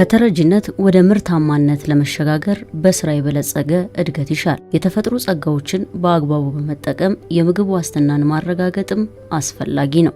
ከተረጂነት ወደ ምርታማነት ለመሸጋገር በስራ የበለጸገ እድገት ይሻል። የተፈጥሮ ጸጋዎችን በአግባቡ በመጠቀም የምግብ ዋስትናን ማረጋገጥም አስፈላጊ ነው።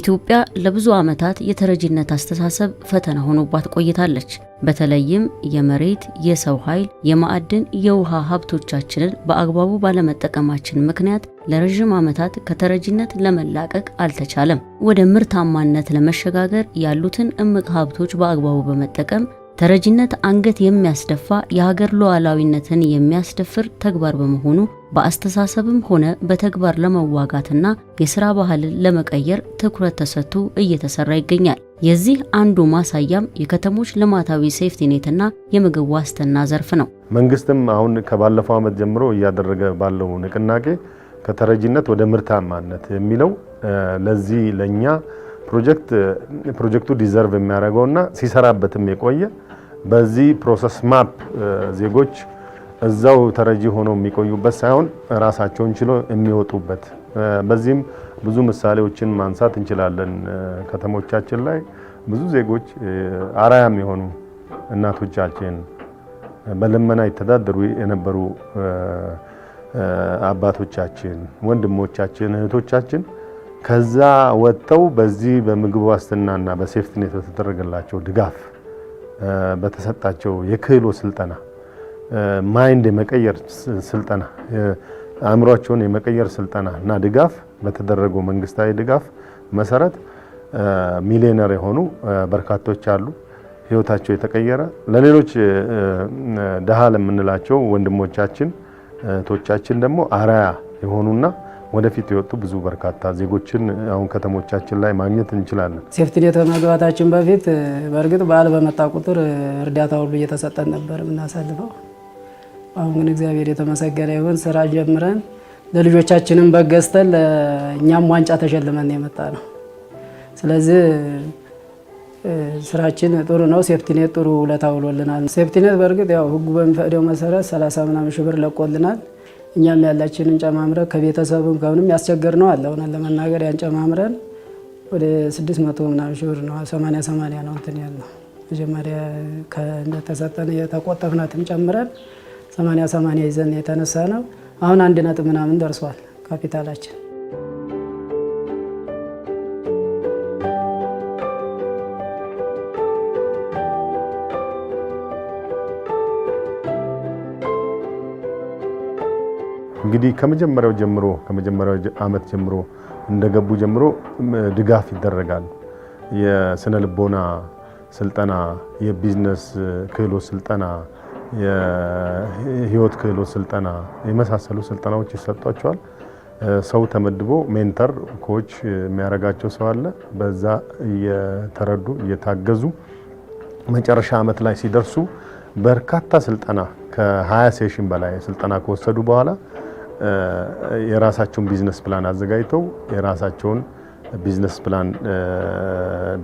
ኢትዮጵያ ለብዙ ዓመታት የተረጂነት አስተሳሰብ ፈተና ሆኖባት ቆይታለች። በተለይም የመሬት፣ የሰው ኃይል፣ የማዕድን፣ የውሃ ሀብቶቻችንን በአግባቡ ባለመጠቀማችን ምክንያት ለረዥም ዓመታት ከተረጂነት ለመላቀቅ አልተቻለም። ወደ ምርታማነት ለመሸጋገር ያሉትን እምቅ ሀብቶች በአግባቡ በመጠቀም ተረጂነት አንገት የሚያስደፋ የሀገር ሉዓላዊነትን የሚያስደፍር ተግባር በመሆኑ በአስተሳሰብም ሆነ በተግባር ለመዋጋትና የስራ ባህልን ለመቀየር ትኩረት ተሰጥቶ እየተሰራ ይገኛል። የዚህ አንዱ ማሳያም የከተሞች ልማታዊ ሴፍቲኔትና የምግብ ዋስትና ዘርፍ ነው። መንግስትም አሁን ከባለፈው ዓመት ጀምሮ እያደረገ ባለው ንቅናቄ ከተረጂነት ወደ ምርታማነት የሚለው ለዚህ ለእኛ ፕሮጀክት ፕሮጀክቱ ዲዘርቭ የሚያደርገውና ሲሰራበትም የቆየ በዚህ ፕሮሰስ ማፕ ዜጎች እዛው ተረጂ ሆነው የሚቆዩበት ሳይሆን ራሳቸውን ችሎ የሚወጡበት በዚህም ብዙ ምሳሌዎችን ማንሳት እንችላለን። ከተሞቻችን ላይ ብዙ ዜጎች አራያም የሆኑ እናቶቻችን በልመና ይተዳደሩ የነበሩ አባቶቻችን፣ ወንድሞቻችን፣ እህቶቻችን ከዛ ወጥተው በዚህ በምግብ ዋስትናና በሴፍትኔት በተደረገላቸው ድጋፍ በተሰጣቸው የክህሎ ስልጠና ማይንድ የመቀየር ስልጠና አእምሯቸውን የመቀየር ስልጠና እና ድጋፍ በተደረገው መንግስታዊ ድጋፍ መሰረት ሚሊዮነር የሆኑ በርካቶች አሉ። ህይወታቸው የተቀየረ ለሌሎች ድሃ ለምንላቸው ወንድሞቻችን እህቶቻችን ደግሞ አራያ የሆኑና ወደፊት የወጡ ብዙ በርካታ ዜጎችን አሁን ከተሞቻችን ላይ ማግኘት እንችላለን። ሴፍትኔት ከመግባታችን በፊት በእርግጥ በዓል በመጣ ቁጥር እርዳታ ሁሉ እየተሰጠን ነበር የምናሳልፈው። አሁን ግን እግዚአብሔር የተመሰገነ ይሁን ስራ ጀምረን ለልጆቻችንም በገዝተን ለእኛም ዋንጫ ተሸልመን የመጣ ነው። ስለዚህ ስራችን ጥሩ ነው። ሴፍቲኔት ጥሩ ውለታ ውሎልናል። ሴፍቲኔት በእርግጥ ያው ህጉ በሚፈቅደው መሰረት ሰላሳ ምናምን ሺህ ብር ለቆልናል። እኛም ያላችንን ጨማምረን ከቤተሰብም ከምንም ያስቸገር ነው አለ እውነት ለመናገር ያን ጨማምረን ወደ ስድስት መቶ ምናምን ሺህ ብር ነው ሰማንያ ሰማንያ ነው እንትን ያልነው መጀመሪያ እንደተሰጠን የተቆጠፍናትም ጨምረን ሰማንያ ሰማንያ ይዘን የተነሳ ነው። አሁን አንድ ነጥብ ምናምን ደርሷል ካፒታላችን እንግዲህ ከመጀመሪያው ጀምሮ ከመጀመሪያው ዓመት ጀምሮ እንደገቡ ጀምሮ ድጋፍ ይደረጋል። የስነ ልቦና ስልጠና፣ የቢዝነስ ክህሎት ስልጠና፣ የህይወት ክህሎት ስልጠና የመሳሰሉ ስልጠናዎች ይሰጧቸዋል። ሰው ተመድቦ ሜንተር ኮች የሚያደርጋቸው ሰው አለ። በዛ እየተረዱ እየታገዙ መጨረሻ ዓመት ላይ ሲደርሱ በርካታ ስልጠና ከ20 ሴሽን በላይ ስልጠና ከወሰዱ በኋላ የራሳቸውን ቢዝነስ ፕላን አዘጋጅተው የራሳቸውን ቢዝነስ ፕላን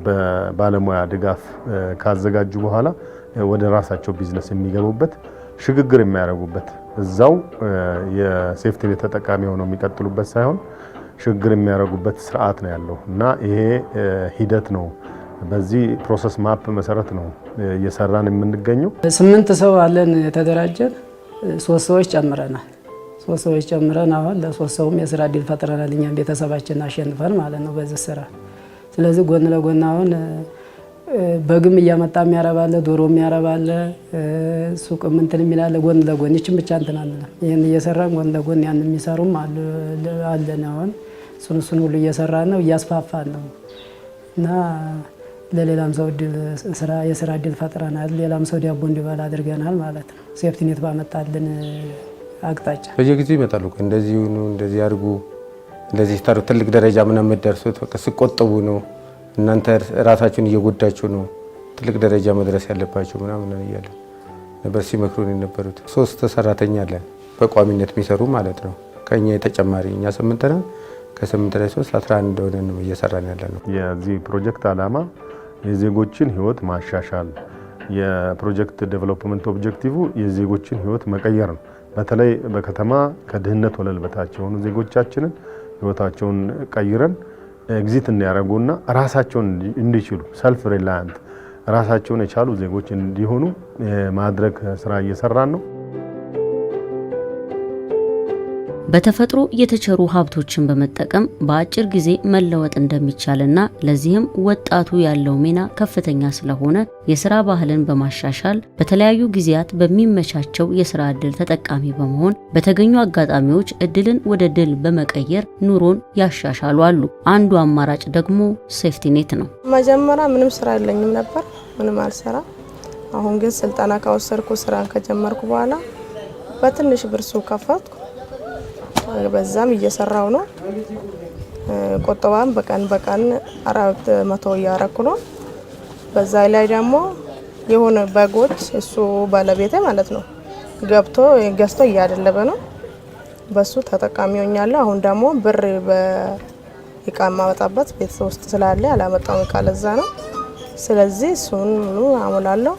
በባለሙያ ድጋፍ ካዘጋጁ በኋላ ወደ ራሳቸው ቢዝነስ የሚገቡበት ሽግግር የሚያደርጉበት እዛው የሴፍቲኔት ተጠቃሚ ሆነው የሚቀጥሉበት ሳይሆን ሽግግር የሚያደርጉበት ስርዓት ነው ያለው እና ይሄ ሂደት ነው። በዚህ ፕሮሰስ ማፕ መሰረት ነው እየሰራን የምንገኘው። ስምንት ሰው አለን የተደራጀን፣ ሶስት ሰዎች ጨምረናል። ሶስት ሰዎች ጨምረን አሁን ለሶስት ሰውም የስራ እድል ፈጥረናል። እኛም ቤተሰባችን አሸንፈን ማለት ነው በዚህ ስራ። ስለዚህ ጎን ለጎን አሁን በግም እያመጣ የሚያረባለ ዶሮ የሚያረባለ ሱቅ እንትን የሚላለ ጎን ለጎን ይችን ብቻ እንትን አንለም። ይህን እየሰራን ጎን ለጎን ያን የሚሰሩም አለን። አሁን እሱን እሱን ሁሉ እየሰራን ነው እያስፋፋን ነው እና ለሌላም ሰው የስራ እድል ፈጥረናል። ሌላም ሰው ዳቦ እንዲበላ አድርገናል ማለት ነው። ሴፍቲኔት ባመጣልን አቅጣጫ በየጊዜው ይመጣሉ። እንደዚህ ሁኑ፣ እንደዚህ አድርጉ፣ እንደዚህ ታሩ ትልቅ ደረጃ ምናምን የምትደርሱት በቃ ስቆጥቡ ነው። እናንተ ራሳችሁን እየጎዳችሁ ነው፣ ትልቅ ደረጃ መድረስ ያለባችሁ ምናምን እያሉ ነበር ሲመክሩን የነበሩት። ሶስት ሰራተኛ አለ በቋሚነት የሚሰሩ ማለት ነው። ከኛ የተጨማሪ እኛ ስምንት ነን። ከስምንት ላይ ሶስት አስራ አንድ ሆነ ነው እየሰራን ያለ ነው። የዚህ ፕሮጀክት ዓላማ የዜጎችን ህይወት ማሻሻል፣ የፕሮጀክት ዴቨሎፕመንት ኦብጀክቲቭ የዜጎችን ህይወት መቀየር ነው። በተለይ በከተማ ከድህነት ወለል በታች የሆኑ ዜጎቻችንን ህይወታቸውን ቀይረን ኤግዚት እንዲያደርጉና ራሳቸውን እንዲችሉ ሰልፍ ሪላያንት ራሳቸውን የቻሉ ዜጎች እንዲሆኑ ማድረግ ስራ እየሰራን ነው። በተፈጥሮ የተቸሩ ሀብቶችን በመጠቀም በአጭር ጊዜ መለወጥ እንደሚቻልና ለዚህም ወጣቱ ያለው ሚና ከፍተኛ ስለሆነ የስራ ባህልን በማሻሻል በተለያዩ ጊዜያት በሚመቻቸው የስራ እድል ተጠቃሚ በመሆን በተገኙ አጋጣሚዎች እድልን ወደ ድል በመቀየር ኑሮን ያሻሻሉ አሉ። አንዱ አማራጭ ደግሞ ሴፍቲኔት ነው። መጀመሪያ ምንም ስራ የለኝም ነበር፣ ምንም አልሰራ። አሁን ግን ስልጠና ከወሰድኩ ስራን ከጀመርኩ በኋላ በትንሽ ብርሱ ከፈትኩ። በዛም እየሰራው ነው። ቁጠባም በቀን በቀን አራት መቶ እያረኩ ነው። በዛ ላይ ደግሞ የሆነ በጎች እሱ ባለቤቴ ማለት ነው ገብቶ ገዝቶ እያደለበ ነው። በሱ ተጠቃሚ ሆኛለሁ። አሁን ደግሞ ብር በእቃ የማመጣበት ቤት ውስጥ ስላለ ያላመጣው እቃ ለዛ ነው። ስለዚህ እሱን አሙላለሁ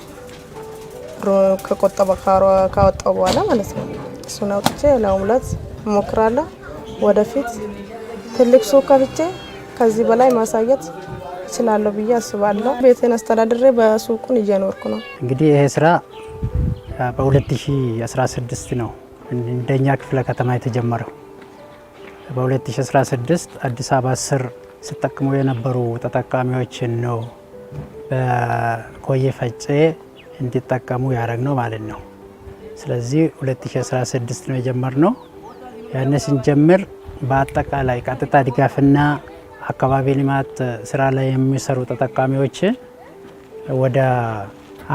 ከቆጠበ ካወጣው በኋላ ማለት ነው እሱን አውጥቼ ለሙላት እሞክራለሁ። ወደፊት ትልቅ ሱቅ ከፍቼ ከዚህ በላይ ማሳየት እችላለሁ ብዬ አስባለሁ። ቤቴን አስተዳድሬ በሱቁን እየኖርኩ ነው። እንግዲህ ይሄ ስራ በ2016 ነው እንደኛ ክፍለ ከተማ የተጀመረው። በ2016 አዲስ አበባ ስር ሲጠቀሙ የነበሩ ተጠቃሚዎችን ነው በኮዬ ፈጬ እንዲጠቀሙ ያደረግ ነው ማለት ነው። ስለዚህ 2016 ነው የጀመር ነው። ያን ስንጀምር በአጠቃላይ ቀጥታ ድጋፍና አካባቢ ልማት ስራ ላይ የሚሰሩ ተጠቃሚዎች ወደ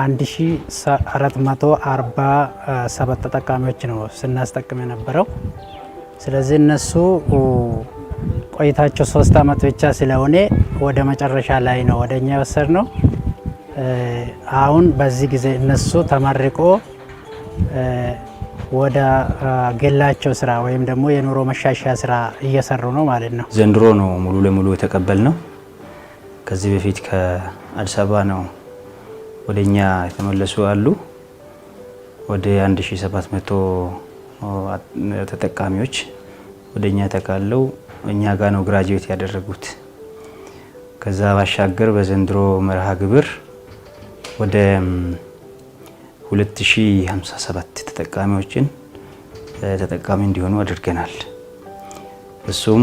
1447 ተጠቃሚዎች ነው ስናስጠቅም የነበረው። ስለዚህ እነሱ ቆይታቸው ሶስት አመት ብቻ ስለሆነ ወደ መጨረሻ ላይ ነው ወደ እኛ የወሰድ ነው። አሁን በዚህ ጊዜ እነሱ ተመርቆ ወደ ገላቸው ስራ ወይም ደግሞ የኑሮ መሻሻያ ስራ እየሰሩ ነው ማለት ነው። ዘንድሮ ነው ሙሉ ለሙሉ የተቀበል ነው። ከዚህ በፊት ከአዲስ አበባ ነው ወደ እኛ የተመለሱ አሉ። ወደ 1700 ተጠቃሚዎች ወደ እኛ ተካለው እኛ ጋር ነው ግራጅዌት ያደረጉት። ከዛ ባሻገር በዘንድሮ መርሃ ግብር ወደ 2057 ተጠቃሚዎችን ተጠቃሚ እንዲሆኑ አድርገናል። እሱም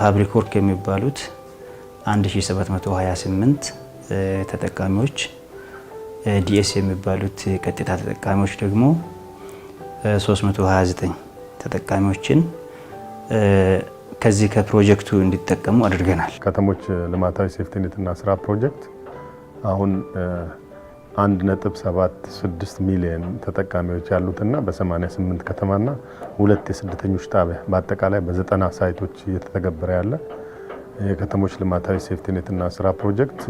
ፓብሊክ ወርክ የሚባሉት 1728 ተጠቃሚዎች፣ ዲኤስ የሚባሉት ቀጥታ ተጠቃሚዎች ደግሞ 329 ተጠቃሚዎችን ከዚህ ከፕሮጀክቱ እንዲጠቀሙ አድርገናል። ከተሞች ልማታዊ ሴፍቲኔትና ስራ ፕሮጀክት አሁን 1.76 ሚሊዮን ተጠቃሚዎች ያሉትና በ88 ከተማና ሁለት የስደተኞች ጣቢያ በአጠቃላይ በዘጠና ሳይቶች እየተተገበረ ያለ የከተሞች ልማታዊ ሴፍቲኔትና ስራ ፕሮጀክት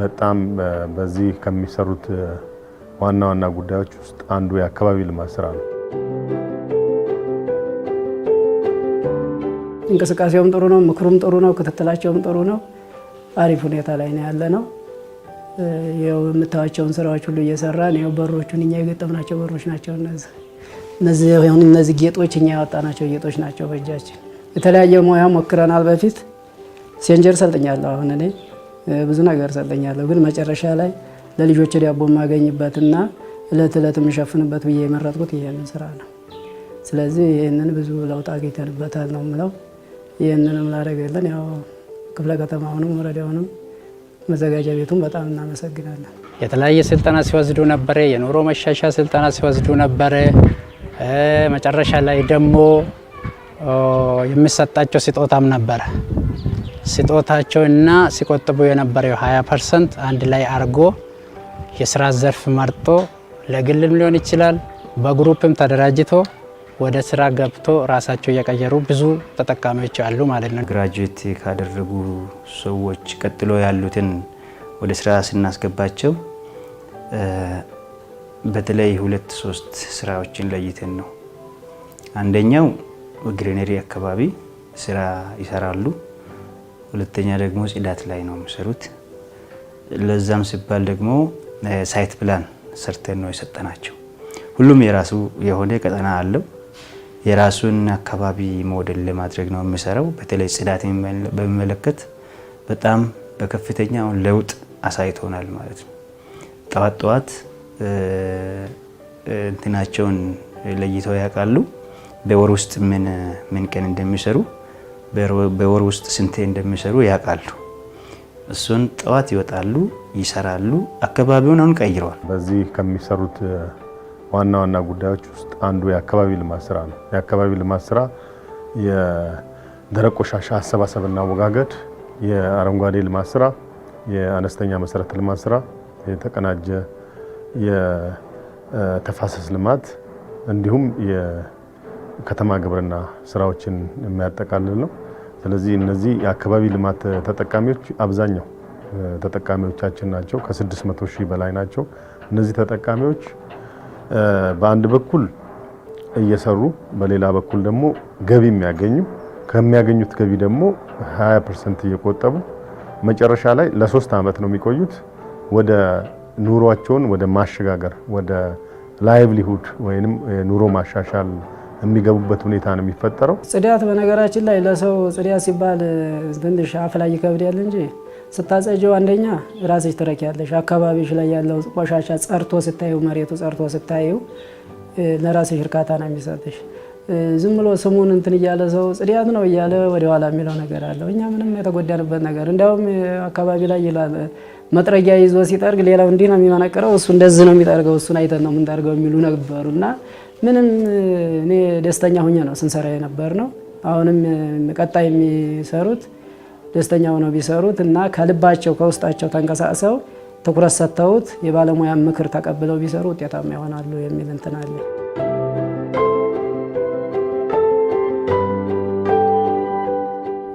በጣም በዚህ ከሚሰሩት ዋና ዋና ጉዳዮች ውስጥ አንዱ የአካባቢ ልማት ስራ ነው። እንቅስቃሴውም ጥሩ ነው፣ ምክሩም ጥሩ ነው፣ ክትትላቸውም ጥሩ ነው። አሪፍ ሁኔታ ላይ ነው ያለ ነው። የምታዋቸውን ስራዎች ሁሉ እየሰራን ያው በሮቹን እኛ የገጠምናቸው በሮች ናቸው። እነዚህ እነዚህ ጌጦች እኛ ያወጣናቸው ጌጦች ናቸው። በእጃችን የተለያየ ሙያ ሞክረናል። በፊት ሴንጀር ሰልጥኛለሁ። አሁን እኔ ብዙ ነገር ሰልጥኛለሁ፣ ግን መጨረሻ ላይ ለልጆች ዳቦ የማገኝበትና እለት እለት የምሸፍንበት ብዬ የመረጥኩት ይህንን ስራ ነው። ስለዚህ ይህንን ብዙ ለውጥ አግኝተንበታል ነው ምለው። ይህንንም ላደረገልን ያው ክፍለ ከተማውንም ወረዳውንም መዘጋጃ ቤቱን በጣም እናመሰግናለን። የተለያየ ስልጠና ሲወስዱ ነበረ። የኑሮ መሻሻ ስልጠና ሲወስዱ ነበረ። መጨረሻ ላይ ደግሞ የሚሰጣቸው ስጦታም ነበረ። ስጦታቸውና ሲቆጥቡ የነበረው 20 ፐርሰንት አንድ ላይ አርጎ የስራ ዘርፍ መርጦ ለግልም ሊሆን ይችላል በግሩፕም ተደራጅቶ ወደ ስራ ገብቶ ራሳቸው እየቀየሩ ብዙ ተጠቃሚዎች አሉ ማለት ነው። ግራጁዌት ካደረጉ ሰዎች ቀጥሎ ያሉትን ወደ ስራ ስናስገባቸው በተለይ ሁለት ሶስት ስራዎችን ለይተን ነው። አንደኛው ግሪነሪ አካባቢ ስራ ይሰራሉ። ሁለተኛ ደግሞ ጽዳት ላይ ነው የሚሰሩት። ለዛም ሲባል ደግሞ ሳይት ፕላን ሰርተን ነው የሰጠናቸው። ሁሉም የራሱ የሆነ ቀጠና አለው። የራሱን አካባቢ ሞዴል ለማድረግ ነው የሚሰራው። በተለይ ጽዳት በሚመለከት በጣም በከፍተኛ ለውጥ አሳይቶናል ማለት ነው። ጠዋት ጠዋት እንትናቸውን ለይተው ያውቃሉ። በወር ውስጥ ምን ምን ቀን እንደሚሰሩ በወር ውስጥ ስንቴ እንደሚሰሩ ያውቃሉ። እሱን ጠዋት ይወጣሉ፣ ይሰራሉ። አካባቢውን አሁን ቀይረዋል። በዚህ ከሚሰሩት ዋና ዋና ጉዳዮች ውስጥ አንዱ የአካባቢ ልማት ስራ ነው። የአካባቢ ልማት ስራ የደረቅ ቆሻሻ አሰባሰብና አወጋገድ፣ የአረንጓዴ ልማት ስራ፣ የአነስተኛ መሰረተ ልማት ስራ፣ የተቀናጀ የተፋሰስ ልማት እንዲሁም የከተማ ግብርና ስራዎችን የሚያጠቃልል ነው። ስለዚህ እነዚህ የአካባቢ ልማት ተጠቃሚዎች አብዛኛው ተጠቃሚዎቻችን ናቸው። ከ600 ሺህ በላይ ናቸው። እነዚህ ተጠቃሚዎች በአንድ በኩል እየሰሩ በሌላ በኩል ደግሞ ገቢ የሚያገኙ ከሚያገኙት ገቢ ደግሞ 20 ፐርሰንት እየቆጠቡ መጨረሻ ላይ ለሶስት ዓመት ነው የሚቆዩት። ወደ ኑሯቸውን ወደ ማሸጋገር ወደ ላይቭሊሁድ ወይም ኑሮ ማሻሻል የሚገቡበት ሁኔታ ነው የሚፈጠረው። ጽዳት በነገራችን ላይ ለሰው ጽዳት ሲባል ትንሽ አፍ ላይ ይከብዳል እንጂ ስታጸጀው አንደኛ ራስሽ ትረኪያለሽ። አካባቢሽ ላይ ያለው ቆሻሻ ጸርቶ ስታዩ መሬቱ ጸርቶ ስታዩ ለራስሽ እርካታ ነው የሚሰጥሽ። ዝም ብሎ ስሙን እንትን እያለ ሰው ጽዳት ነው እያለ ወደኋላ የሚለው ነገር አለው። እኛ ምንም የተጎዳንበት ነገር እንዲያውም አካባቢ ላይ ይላል መጥረጊያ ይዞ ሲጠርግ ሌላው እንዲህ ነው የሚመነቅረው፣ እሱ እንደዚህ ነው የሚጠርገው፣ እሱን አይተን ነው የምንጠርገው የሚሉ ነበሩ እና ምንም እኔ ደስተኛ ሁኜ ነው ስንሰራ የነበር ነው። አሁንም ቀጣይ የሚሰሩት ደስተኛ ሆነው ቢሰሩት እና ከልባቸው ከውስጣቸው ተንቀሳቅሰው ትኩረት ሰጥተውት የባለሙያ ምክር ተቀብለው ቢሰሩ ውጤታማ ይሆናሉ የሚል እንትን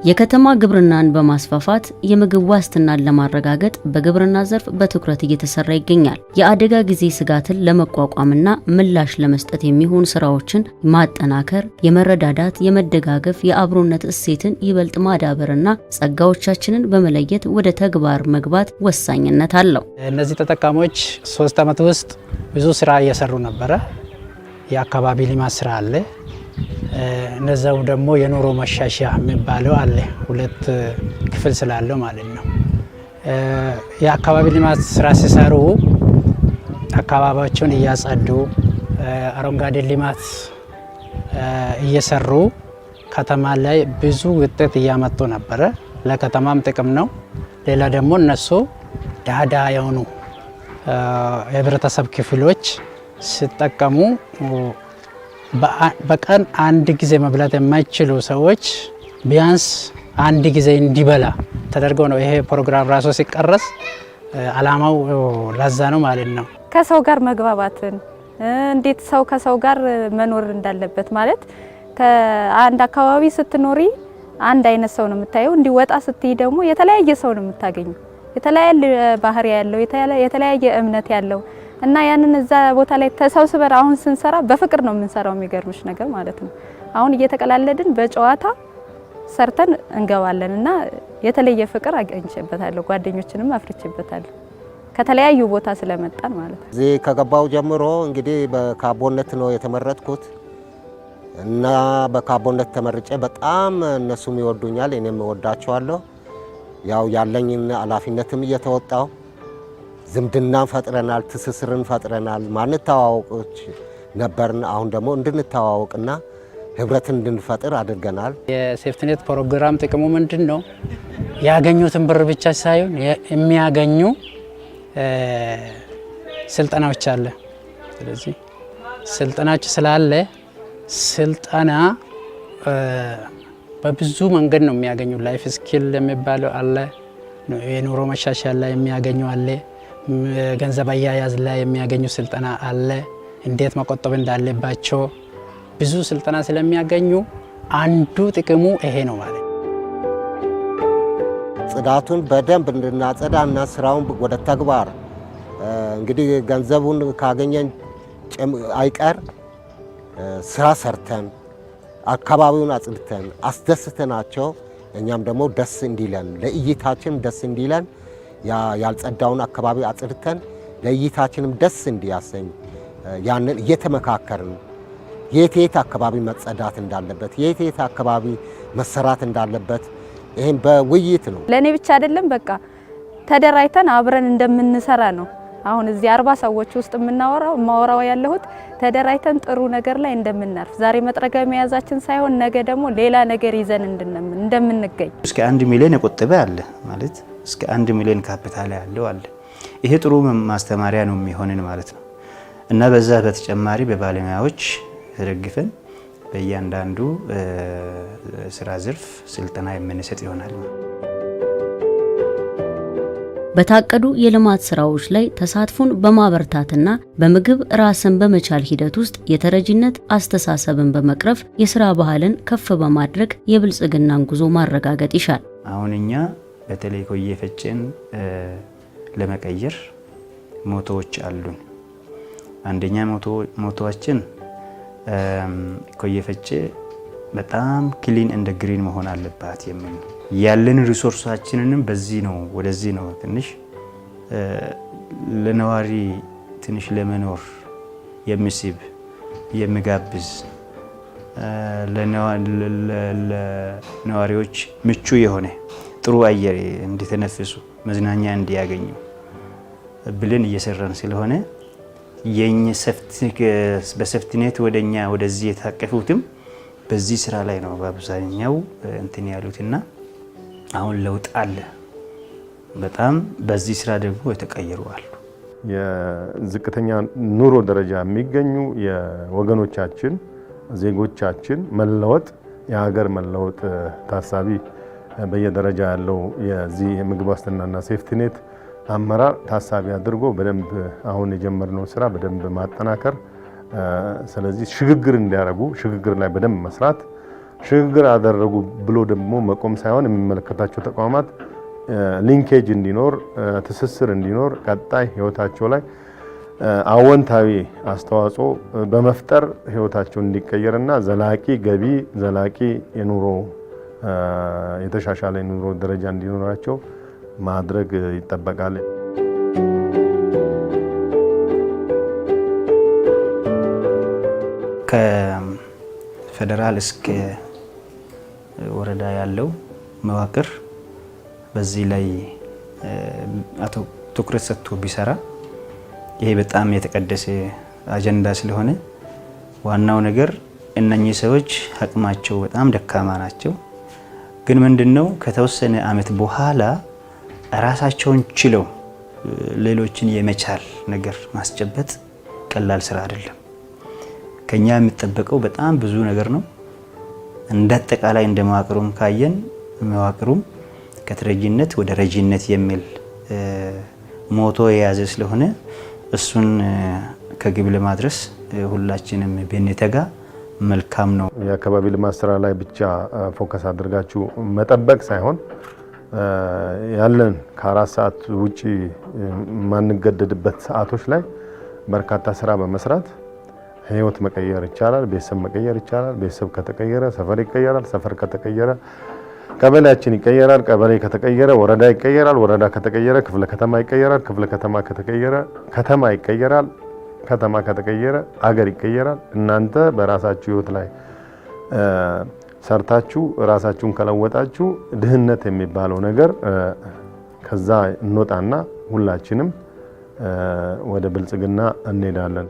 የከተማ ግብርናን በማስፋፋት የምግብ ዋስትናን ለማረጋገጥ በግብርና ዘርፍ በትኩረት እየተሰራ ይገኛል። የአደጋ ጊዜ ስጋትን ለመቋቋምና ምላሽ ለመስጠት የሚሆኑ ስራዎችን ማጠናከር፣ የመረዳዳት፣ የመደጋገፍ፣ የአብሮነት እሴትን ይበልጥ ማዳበርና ጸጋዎቻችንን በመለየት ወደ ተግባር መግባት ወሳኝነት አለው። እነዚህ ተጠቃሚዎች ሶስት ዓመት ውስጥ ብዙ ስራ እየሰሩ ነበረ። የአካባቢ ልማት ስራ አለ እነዛው ደግሞ የኑሮ መሻሻ የሚባለው አለ። ሁለት ክፍል ስላለው ማለት ነው። የአካባቢ ልማት ስራ ሲሰሩ አካባቢያቸውን እያጸዱ አረንጓዴ ልማት እየሰሩ ከተማ ላይ ብዙ ውጤት እያመጡ ነበረ። ለከተማም ጥቅም ነው። ሌላ ደግሞ እነሱ ዳዳ የሆኑ የህብረተሰብ ክፍሎች ሲጠቀሙ በቀን አንድ ጊዜ መብላት የማይችሉ ሰዎች ቢያንስ አንድ ጊዜ እንዲበላ ተደርጎ ነው ይሄ ፕሮግራም ራሱ ሲቀረስ። አላማው ላዛ ነው ማለት ነው። ከሰው ጋር መግባባትን እንዴት ሰው ከሰው ጋር መኖር እንዳለበት ማለት ከአንድ አካባቢ ስትኖሪ አንድ አይነት ሰው ነው የምታየው። እንዲወጣ ስትይ ደግሞ የተለያየ ሰው ነው የምታገኘ የተለያየ ባህሪ ያለው የተለያየ እምነት ያለው እና ያንን እዛ ቦታ ላይ ተሰብስበን አሁን ስንሰራ በፍቅር ነው የምንሰራው። የሚገርምሽ ነገር ማለት ነው አሁን እየተቀላለድን በጨዋታ ሰርተን እንገባለን እና የተለየ ፍቅር አግኝቼበታለሁ። ጓደኞችንም አፍርቼበታለሁ ከተለያዩ ቦታ ስለመጣን ማለት ነው። እዚህ ከገባው ጀምሮ እንግዲህ በካቦነት ነው የተመረጥኩት እና በካቦነት ተመርጬ በጣም እነሱም ይወዱኛል፣ እኔም እወዳቸዋለሁ። ያው ያለኝን ኃላፊነትም እየተወጣው ዝምድናን ፈጥረናል፣ ትስስርን ፈጥረናል። ማንተዋወቆች ነበርን። አሁን ደግሞ እንድንተዋወቅና ህብረትን እንድንፈጥር አድርገናል። የሴፍትኔት ፕሮግራም ጥቅሙ ምንድን ነው? ያገኙትን ብር ብቻ ሳይሆን የሚያገኙ ስልጠናዎች አለ። ስለዚህ ስልጠናዎች ስላለ ስልጠና በብዙ መንገድ ነው የሚያገኙ። ላይፍ ስኪል የሚባለው አለ፣ የኑሮ መሻሻል ላይ የሚያገኙ አለ ገንዘብ አያያዝ ላይ የሚያገኙ ስልጠና አለ። እንዴት መቆጠብ እንዳለባቸው ብዙ ስልጠና ስለሚያገኙ አንዱ ጥቅሙ ይሄ ነው ማለት ጽዳቱን በደንብ እንድናጸዳ እና ስራውን ወደ ተግባር እንግዲህ ገንዘቡን ካገኘን አይቀር ስራ ሰርተን አካባቢውን አጽድተን አስደስተናቸው እኛም ደግሞ ደስ እንዲለን ለእይታችን ደስ እንዲለን ያልጸዳውን አካባቢ አጽድተን ለእይታችንም ደስ እንዲያሰኝ ያንን እየተመካከርን የት የት አካባቢ መጸዳት እንዳለበት የት የት አካባቢ መሰራት እንዳለበት ይህም በውይይት ነው። ለእኔ ብቻ አይደለም፣ በቃ ተደራጅተን አብረን እንደምንሰራ ነው። አሁን እዚህ አርባ ሰዎች ውስጥ የምናወራው ማወራው ያለሁት ተደራጅተን ጥሩ ነገር ላይ እንደምናርፍ ዛሬ መጥረጊያ መያዛችን ሳይሆን ነገ ደግሞ ሌላ ነገር ይዘን እንደምንገኝ እስከ አንድ ሚሊዮን የቆጠበ አለ ማለት እስከ አንድ ሚሊዮን ካፒታል ያለው አለ። ይሄ ጥሩ ማስተማሪያ ነው የሚሆንን ማለት ነው እና በዛ በተጨማሪ በባለሙያዎች ተደግፈን በእያንዳንዱ ስራ ዘርፍ ስልጠና የምንሰጥ ይሆናል። በታቀዱ የልማት ስራዎች ላይ ተሳትፎን በማበርታትና በምግብ ራስን በመቻል ሂደት ውስጥ የተረጂነት አስተሳሰብን በመቅረፍ የስራ ባህልን ከፍ በማድረግ የብልጽግናን ጉዞ ማረጋገጥ ይሻል። አሁን እኛ በተለይ ኮዬ ፈጬን ለመቀየር ሞቶዎች አሉን። አንደኛ ሞቶዎችን ኮዬ ፈጬ በጣም ክሊን እንደ ግሪን መሆን አለባት የሚል ያለን ሪሶርሳችንንም በዚህ ነው ወደዚህ ነው ትንሽ ለነዋሪ ትንሽ ለመኖር የሚስብ የሚጋብዝ ለነዋሪዎች ምቹ የሆነ ጥሩ አየር እንዲተነፍሱ መዝናኛ እንዲያገኙ ብለን እየሰራን ስለሆነ በሰፍትነት ወደኛ ወደዚህ የታቀፉትም በዚህ ስራ ላይ ነው በአብዛኛው እንትን ያሉትና አሁን ለውጥ አለ። በጣም በዚህ ስራ ደግሞ የተቀየሩ አሉ። የዝቅተኛ ኑሮ ደረጃ የሚገኙ የወገኖቻችን ዜጎቻችን መለወጥ የሀገር መለወጥ ታሳቢ በየደረጃ ያለው የዚህ የምግብ ዋስትናና ሴፍቲኔት አመራር ታሳቢ አድርጎ በደንብ አሁን የጀመርነው ስራ በደንብ ማጠናከር፣ ስለዚህ ሽግግር እንዲያደርጉ ሽግግር ላይ በደንብ መስራት፣ ሽግግር አደረጉ ብሎ ደግሞ መቆም ሳይሆን የሚመለከታቸው ተቋማት ሊንኬጅ እንዲኖር፣ ትስስር እንዲኖር ቀጣይ ህይወታቸው ላይ አወንታዊ አስተዋጽኦ በመፍጠር ህይወታቸው እንዲቀየርና ዘላቂ ገቢ ዘላቂ የኑሮ የተሻሻለ ኑሮ ደረጃ እንዲኖራቸው ማድረግ ይጠበቃል። ከፌዴራል እስከ ወረዳ ያለው መዋቅር በዚህ ላይ አቶ ትኩረት ሰጥቶ ቢሰራ ይሄ በጣም የተቀደሰ አጀንዳ ስለሆነ ዋናው ነገር እነኚህ ሰዎች አቅማቸው በጣም ደካማ ናቸው። ግን ምንድነው ከተወሰነ አመት በኋላ ራሳቸውን ችለው ሌሎችን የመቻል ነገር ማስጨበጥ ቀላል ስራ አይደለም። ከኛ የሚጠበቀው በጣም ብዙ ነገር ነው። እንደ አጠቃላይ እንደ መዋቅሩም ካየን መዋቅሩም ከተረጂነት ወደ ረጂነት የሚል ሞቶ የያዘ ስለሆነ እሱን ከግብ ለማድረስ ሁላችንም ብንተጋ መልካም ነው። የአካባቢ ልማት ስራ ላይ ብቻ ፎከስ አድርጋችሁ መጠበቅ ሳይሆን ያለን ከአራት ሰዓት ውጭ የማንገደድበት ሰዓቶች ላይ በርካታ ስራ በመስራት ህይወት መቀየር ይቻላል። ቤተሰብ መቀየር ይቻላል። ቤተሰብ ከተቀየረ ሰፈር ይቀየራል። ሰፈር ከተቀየረ ቀበሌያችን ይቀየራል። ቀበሌ ከተቀየረ ወረዳ ይቀየራል። ወረዳ ከተቀየረ ክፍለ ከተማ ይቀየራል። ክፍለ ከተማ ከተቀየረ ከተማ ይቀየራል። ከተማ ከተቀየረ አገር ይቀየራል። እናንተ በራሳችሁ ህይወት ላይ ሰርታችሁ ራሳችሁን ከለወጣችሁ ድህነት የሚባለው ነገር ከዛ እንወጣና ሁላችንም ወደ ብልጽግና እንሄዳለን።